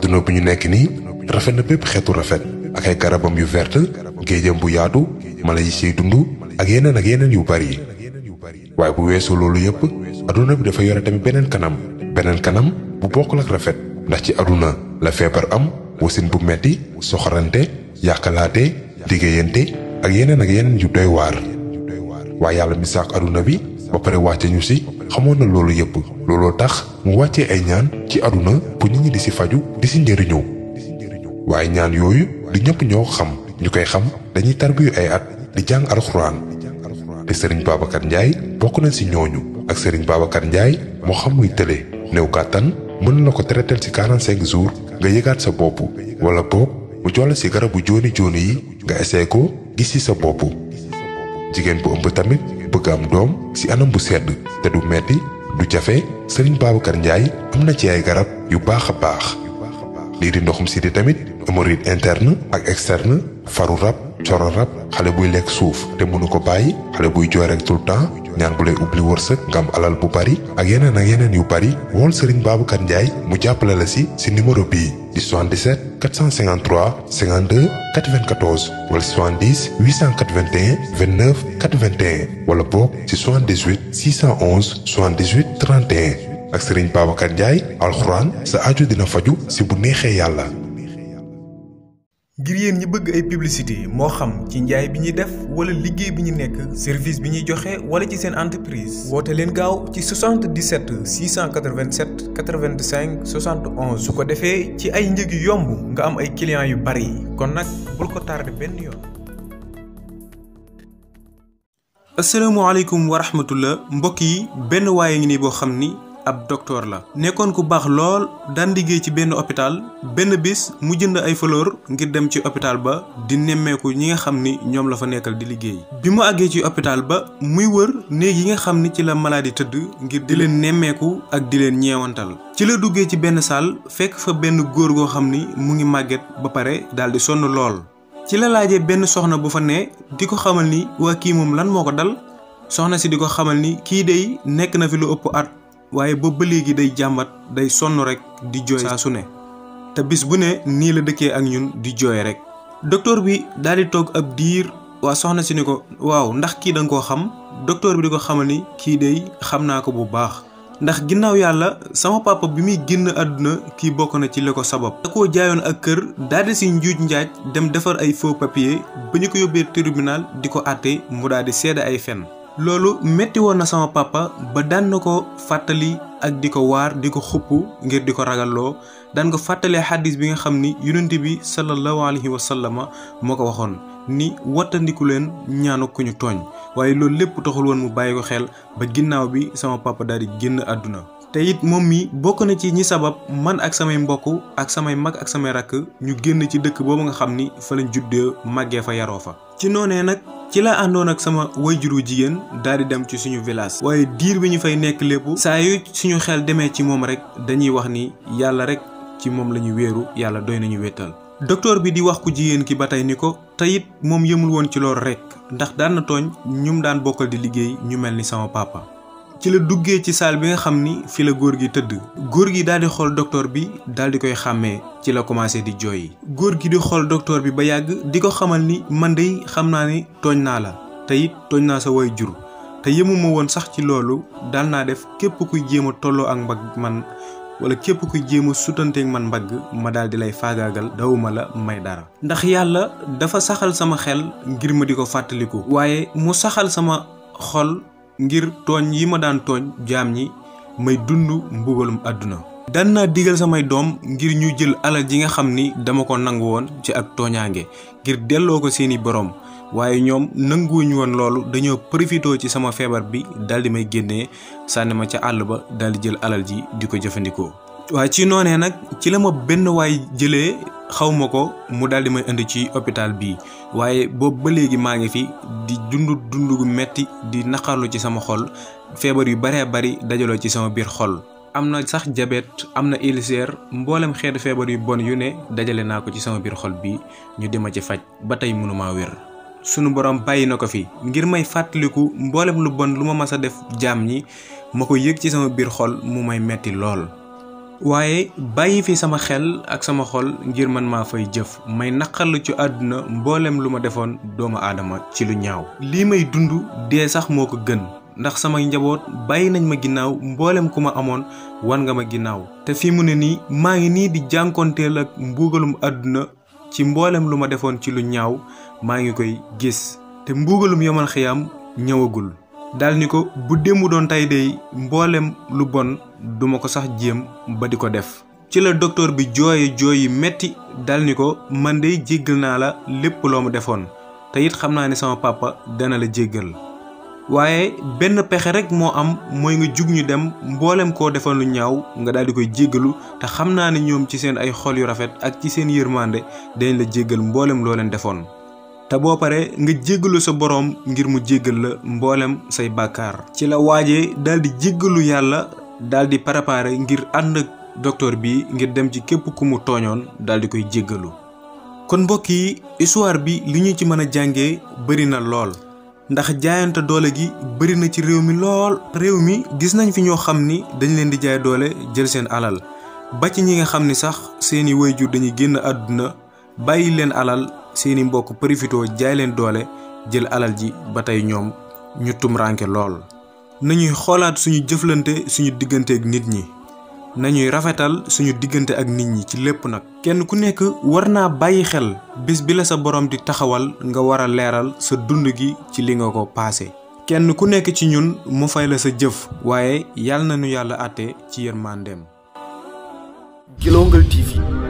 àdduna bu ñu nekk nii rafet na bépp xeetu rafet ak ay garabam yu verte géejam bu yaatu mala yi siy dund ak yeneen ak yeneen yu bari yi waaye bu weesoo loolu yëpp àdduna bi dafa yore tamit beneen kanam beneen kanam bu bokkul ak rafet ndax ci àdduna la feebar am wasin bu metti soxorante yàqalaate liggéeyante ak yeneen ak yeneen yu doy waar waaye yàlla mi sàkk àdduna bi ba pare wàcce ñu si xamoon na loolu yëpp looloo tax mu wàccee ay ñaan ci àdduna bu nit ñi di si faju di si njëriñoo waaye ñaan yooyu du ñëpp ñoo xam ñu koy xam dañuy tarbiyu ay at di jàng alxuraan te sëriñ Babacar Ndiaye bokk na si ñooñu ak sëriñ Babacar njaay moo xam muy tële néew kàttan mën na ko traiter ci 45 jours nga yëgaat sa bopp wala boog mu jolle si garabu jooni jooni yi nga essayé ko gis si sa bopp jigéen bu ëmb tamit bëgg am doom si anam bu sedd te du metti du jafe Serigne Babacar njaay am na ci ay garab yu baax a baax lii di ndoxum siti tamit hémorroïde interne ak externe faru rab coro rab xale buy lekk suuf te mënu ko bàyyi xale buy jooy rek tout le ñaan bu lay ubbi wërsëg nga alal bu bari ak yeneen ak yeneen yu bari wool Serigne Babacar njaay mu jàppale la si si numéro bii di 77 453 52 94 wala 70 881 29 81 wala boog ci 78 611 78 31 ak Serigne Babacar Ndiaye alxuraan sa aju dina faju si bu neexee yàlla. ngir yéen ñi bëgg ay publicité moo xam ci njaay bi ñuy def wala liggéey bi ñu nekk service bi ñuy joxe wala ci seen entreprise woote leen gaaw ci 77 687 85 71 su ko defee ci ay njëg yu yomb nga am ay clients yu bari kon nag bul ko tardé benn yoon. asalaamaaleykum wa rahmatullah mbokk yi benn waaye ngi boo xam ni. ab docteur la nekkoon ku baax lool daan liggéey ci benn hôpital benn bis mu jënd ay fleur ngir dem ci hôpital ba di nemmeeku ñi nga xam ni ñoom la fa nekkal di liggéey bi mu àggee ci hôpital ba muy wër néeg yi nga xam ni ci la maladie tëdd ngir di leen nemmeeku ak di leen ñeewantal ci la duggee ci benn salle fekk fa benn góor goo xam ni mu ngi màgget ba pare daal di sonn lool ci la laajee benn soxna bu fa ne di ko xamal ni waa kii moom lan moo ko dal nekk na fi lu ëpp at waaye ba ba léegi day jàmbat day sonn rek di jooy saa su ne te bis bu ne nii la dëkkee ak ñun di jooy rek docteur bi daal di toog ab diir waa soxna si ni ko waaw ndax kii da koo xam docteur bi di ko xamal ni kii day xam naa ko bu baax ndax ginnaaw yàlla sama papa bi muy génn àdduna kii bokk na ci li ko sabab da koo jaayoon ak kër daal di si njuuj njaaj dem defar ay faux papier ba ñu ko yóbbee tribunal di ko àtte mu daal di seede ay fen loolu métti woon na sama papa ba daan na ko fàttali ak di ko waar di ko xupp ngir di ko ragalloo daan ko fàttalee xaddis bi nga xam ni yonent bi sallallahu alayhi wa sallama moo ko waxoon ni wottandiku leen ñaanu ku ñu tooñ waaye loolu lépp taxul woon mu bàyyi ko xel ba ginnaaw bi sama papa daal di génn àdduna te it moom mi bokk na ci ñi sabab man ak samay mbokk ak samay mag ak samay rakk ñu génn ci dëkk boobu nga xam ni fa lañ juddee màggee fa yaroo fa ci la àndoon ak sama wayjuru jigéen daal di dem ci suñu village waaye diir bi ñu fay nekk lépp saa yu suñu xel demee ci moom rek dañuy wax ni yàlla rek ci moom la ñu wéeru yàlla doy nañu wéttal docteur bi di wax ku jigéen ki ba tey ni ko te it moom yëmul woon ci loolu rek ndax daan na tooñ ñum daan bokkal di liggéey ñu mel ni sama pàppa ci la duggee ci saal bi nga xam ni fi la góor gi tëdd góor gi daal di xool docteur bi daal di koy xàmmee ci la commencé di jooy góor gi di xool docteur bi ba yàgg di ko xamal ni man de xam naa ni tooñ naa la te tooñ naa sa way jur te yemuma woon sax ci loolu daal naa def képp kuy jéem a tolloo ak mbagg man wala képp kuy jéema a man mbagg ma daal di lay faagaagal dawuma la may dara ndax yàlla dafa saxal sama xel ngir ma di ko fàttaliku waaye mu ngir tooñ yi ma daan tooñ jaam ñi may dund mbugalum àdduna daan naa digal samay doom ngir ñu jël alal ji nga xam ni dama ko nangu woon ci ak tooñaange ngir delloo ko seeni boroom waaye ñoom nanguwuñu woon loolu dañoo profitoo ci sama feebar bi daal di may génne sànni ma ca àll ba daal di jël alal ji di ko jëfandikoo. waaye ci noonee nag ci la ma benn waay jëlee xawma ko mu daal di may indi ci hôpital bii waaye boobu ba léegi maa ngi fi di dund dund gu metti di naqarlu ci sama xol feebar yu baree bari dajaloo ci sama biir xol. am na sax diabète am na ulcère mboolem xeetu feebar yu bon yu ne dajale naa ko ci sama biir xol bi ñu di ma ci faj ba tey mënuma wér. sunu borom bàyyi na ko fi ngir may fàttaliku mboolem lu bon lu ma mas a def jaam yi ma ko yëg ci sama biir xol mu may metti lool. waaye bàyyi fi sama xel ak sama xol ngir man maa fay jëf may naqarlu ci àdduna mboolem lu ma defoon doomu aadama ci lu ñaaw lii may dund dee sax moo ko gën ndax sama njaboot bàyyi nañ ma ginnaaw mboolem ku ma amoon war nga ma ginnaaw te fii mu ne nii maa ngi nii di jànkonteel ak mbuugalum àdduna ci mboolem lu ma defoon ci lu ñaaw maa ngi koy gis te mbuugalum yomal xiyaam ñëwagul dal ko bu mu doon tay dey mboolem lu bon duma ko sax jéem ba di ko def ci la docteur bi jooye jooy yi metti dal ni ko man de jéggal naa la lépp loo mu defoon te it xam naa ne sama papa dana la jéggal waaye benn pexe rek moo am mooy nga jug ñu dem mboolem koo defoon lu ñaaw nga daal di koy jéggalu te xam naa ne ñoom ci seen ay xol yu rafet ak ci seen yërmande dañ la jéggal mboolem loo leen defoon te boo paree nga jéggalu sa boroom ngir mu jéggal la mboolem say bàkkaar ci la waajee daal daal di préparé ngir ànd ak docteur bi ngir dem ci képp ku mu tooñoon daal di koy jéggalu kon mbokk yi histoire bi li ñu ci mën a jàngee bëri na lool ndax jaayante doole gi bëri na ci réew mi lool réew mi gis nañ fi ñoo xam ni dañu leen di jaay doole jël seen alal ba ci ñi nga xam ni sax seeni waajur dañuy génn àdduna bàyyi leen alal seeni mbokk profitoo jaay leen doole jël alal ji ba tey ñoom ñu tumranke lool nañuy xoolaat suñu jëflante suñu diggante ak nit ñi nañuy rafetal suñu diggante ak nit ñi ci lépp nag. kenn ku nekk war naa bàyyi xel bis bi la sa borom di taxawal nga war a leeral sa dund gi ci li nga ko paase. kenn ku nekk ci ñun mu fay la sa jëf waaye yàlla na nu yàlla àtte ci yërmandeem. Guelongal TV.